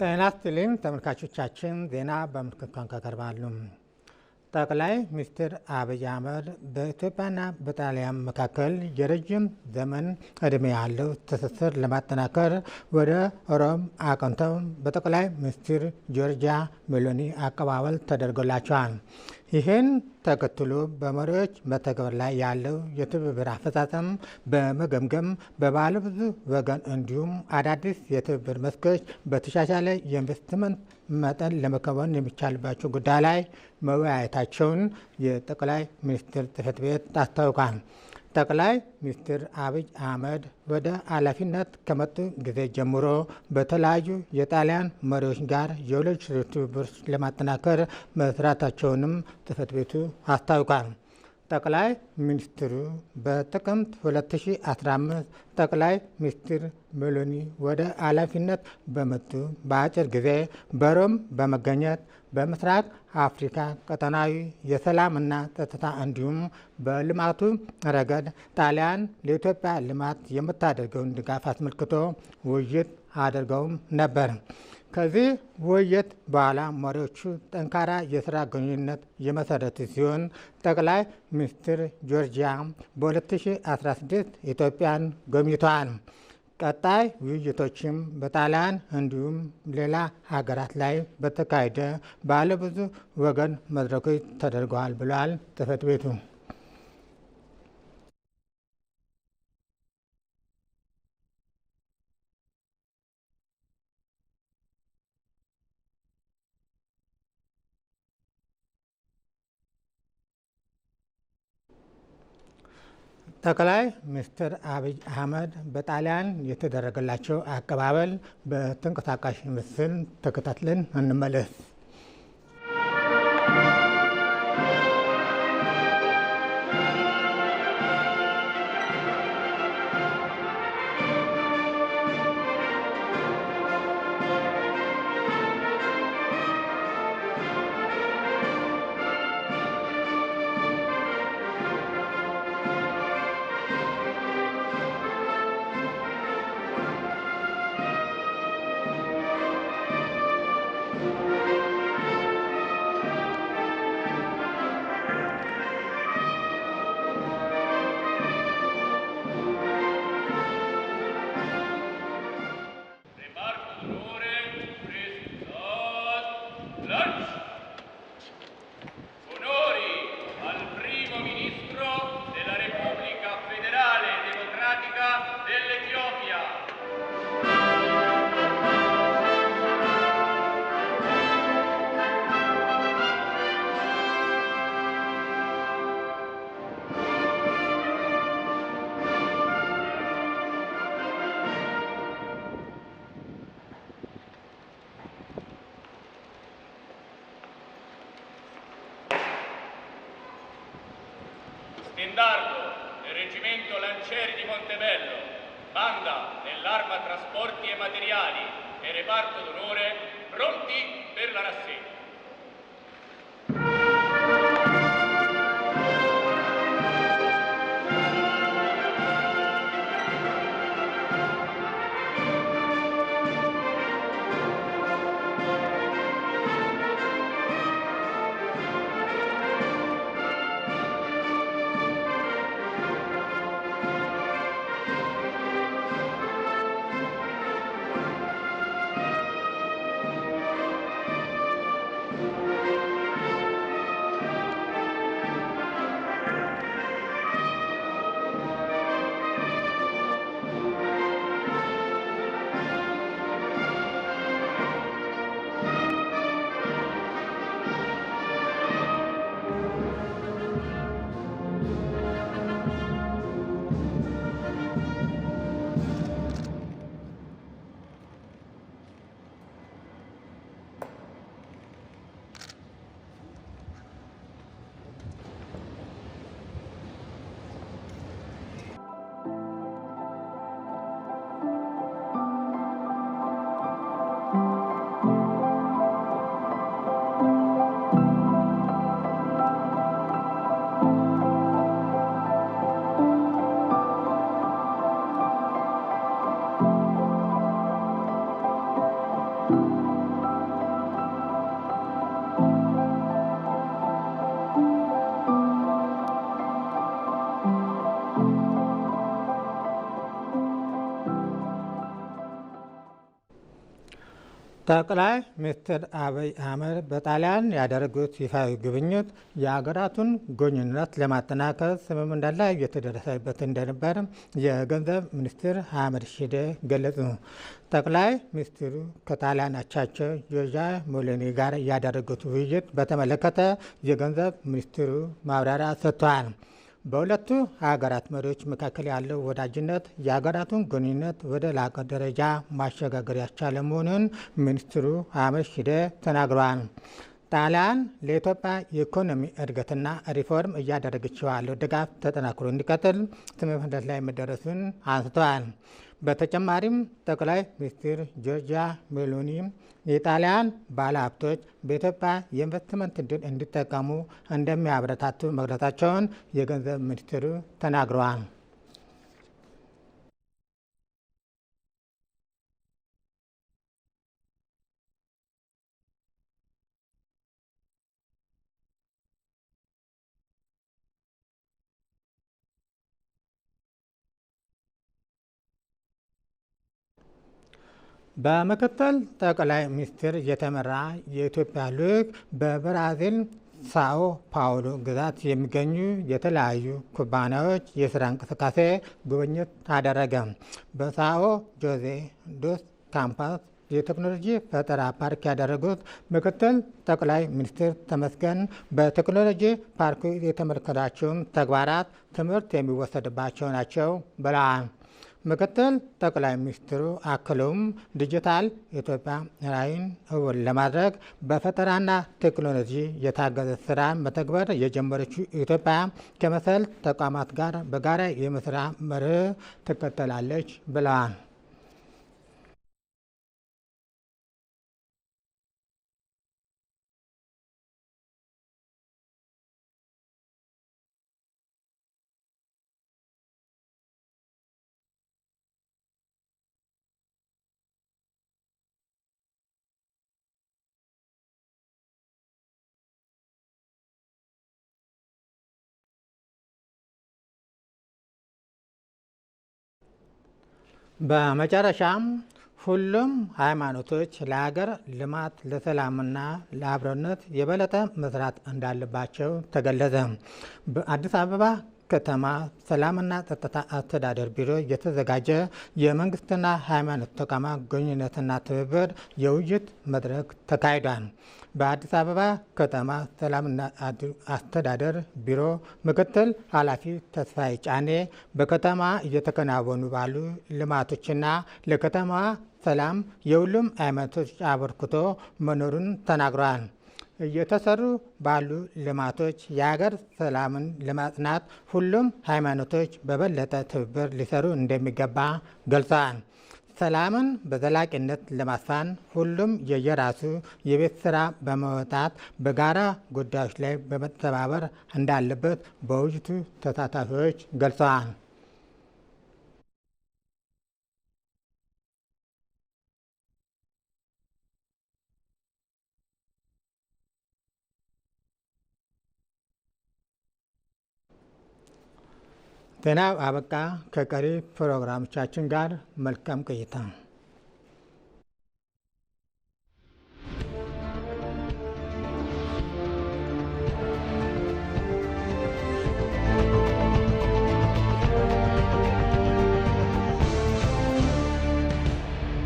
ጤና ይስጥልኝ ተመልካቾቻችን፣ ዜና በምልክት ቋንቋ ይቀርባሉ። ጠቅላይ ሚኒስትር አብይ አህመድ በኢትዮጵያና በጣሊያን መካከል የረጅም ዘመን እድሜ ያለው ትስስር ለማጠናከር ወደ ሮም አቅንተው በጠቅላይ ሚኒስትር ጆርጂያ ሜሎኒ አቀባበል ተደርጎላቸዋል። ይህን ተከትሎ በመሪዎች መተግበር ላይ ያለው የትብብር አፈጻጸም በመገምገም በባለብዙ ወገን እንዲሁም አዳዲስ የትብብር መስኮች በተሻሻለ የኢንቨስትመንት መጠን ለመከወን የሚቻልባቸው ጉዳይ ላይ መወያየታቸውን የጠቅላይ ሚኒስትር ጽሕፈት ቤት አስታውቋል። ጠቅላይ ሚኒስትር አብይ አህመድ ወደ ኃላፊነት ከመጡ ጊዜ ጀምሮ በተለያዩ የጣሊያን መሪዎች ጋር የሁለቱ ትብብር ለማጠናከር መስራታቸውንም ጽሕፈት ቤቱ አስታውቋል። ጠቅላይ ሚኒስትሩ በጥቅምት 2015 ጠቅላይ ሚኒስትር ሜሎኒ ወደ ኃላፊነት በመጡ በአጭር ጊዜ በሮም በመገኘት በምስራቅ አፍሪካ ቀጠናዊ የሰላምና ጸጥታ እንዲሁም በልማቱ ረገድ ጣሊያን ለኢትዮጵያ ልማት የምታደርገውን ድጋፍ አስመልክቶ ውይይት አድርገውም ነበር። ከዚህ ውይይት በኋላ መሪዎቹ ጠንካራ የስራ ግንኙነት የመሰረቱ ሲሆን ጠቅላይ ሚኒስትር ጆርጂያ በ2016 ኢትዮጵያን ጎብኝተዋል። ቀጣይ ውይይቶችም በጣሊያን እንዲሁም ሌላ ሀገራት ላይ በተካሄደ ባለብዙ ወገን መድረኮች ተደርገዋል ብሏል ጽህፈት ቤቱ። ጠቅላይ ሚኒስትር አብይ አህመድ በጣሊያን የተደረገላቸው አቀባበል በተንቀሳቃሽ ምስል ተከታትለን እንመለስ። Mendardo del Reggimento Lancieri di Montebello, banda dell'Arma Trasporti e Materiali e Reparto d'Onore, pronti per la rassegna. ጠቅላይ ሚኒስትር አብይ አህመድ በጣሊያን ያደረጉት ይፋዊ ጉብኝት የሀገራቱን ግንኙነት ለማጠናከር ስምምነት ላይ እየተደረሰበት እንደነበር የገንዘብ ሚኒስትር አህመድ ሺዴ ገለጹ። ጠቅላይ ሚኒስትሩ ከጣሊያን አቻቸው ጆርጂያ ሜሎኒ ጋር ያደረጉት ውይይት በተመለከተ የገንዘብ ሚኒስትሩ ማብራሪያ ሰጥተዋል። በሁለቱ ሀገራት መሪዎች መካከል ያለው ወዳጅነት የሀገራቱን ግንኙነት ወደ ላቀ ደረጃ ማሸጋገር ያስቻለ መሆኑን ሚኒስትሩ አህመድ ሺዴ ተናግረዋል። ጣሊያን ለኢትዮጵያ የኢኮኖሚ እድገትና ሪፎርም እያደረገችው ያለው ድጋፍ ተጠናክሮ እንዲቀጥል ስምምነት ላይ መደረሱን አንስተዋል። በተጨማሪም ጠቅላይ ሚኒስትር ጆርጂያ ሜሎኒ የጣሊያን ባለሀብቶች በኢትዮጵያ የኢንቨስትመንት እድል እንዲጠቀሙ እንደሚያበረታቱ መግለጻቸውን የገንዘብ ሚኒስትሩ ተናግረዋል። በምክትል ጠቅላይ ሚኒስትር የተመራ የኢትዮጵያ ልዑክ በብራዚል ሳኦ ፓውሎ ግዛት የሚገኙ የተለያዩ ኩባንያዎች የስራ እንቅስቃሴ ጉብኝት አደረገ። በሳኦ ጆዜ ዶስ ካምፓስ የቴክኖሎጂ ፈጠራ ፓርክ ያደረጉት ምክትል ጠቅላይ ሚኒስትር ተመስገን በቴክኖሎጂ ፓርኩ የተመለከታቸውን ተግባራት ትምህርት የሚወሰድባቸው ናቸው ብለዋል። ምክትል ጠቅላይ ሚኒስትሩ አክለውም ዲጂታል ኢትዮጵያ ራዕይን እውን ለማድረግ በፈጠራና ቴክኖሎጂ የታገዘ ስራ መተግበር የጀመረችው ኢትዮጵያ ከመሰል ተቋማት ጋር በጋራ የመስራ መርህ ትከተላለች ብለዋል። በመጨረሻም ሁሉም ሃይማኖቶች ለሀገር ልማት ለሰላምና ለአብሮነት የበለጠ መስራት እንዳለባቸው ተገለጸ። በአዲስ አበባ ከተማ ሰላምና ጸጥታ አስተዳደር ቢሮ የተዘጋጀ የመንግስትና ሃይማኖት ተቋማት ግንኙነትና ትብብር የውይይት መድረክ ተካሂዷል። በአዲስ አበባ ከተማ ሰላምና አስተዳደር ቢሮ ምክትል ኃላፊ ተስፋዬ ጫኔ በከተማ እየተከናወኑ ባሉ ልማቶችና ለከተማ ሰላም የሁሉም አይነቶች አበርክቶ መኖሩን ተናግረዋል። እየተሰሩ ባሉ ልማቶች የሀገር ሰላምን ለማጽናት ሁሉም ሃይማኖቶች በበለጠ ትብብር ሊሰሩ እንደሚገባ ገልጸዋል። ሰላምን በዘላቂነት ለማስፋን ሁሉም የየራሱ የቤት ስራ በመወጣት በጋራ ጉዳዮች ላይ በመተባበር እንዳለበት በውይይቱ ተሳታፊዎች ገልጸዋል። ጤና አበቃ። ከቀሪ ፕሮግራሞቻችን ጋር መልካም ቆይታ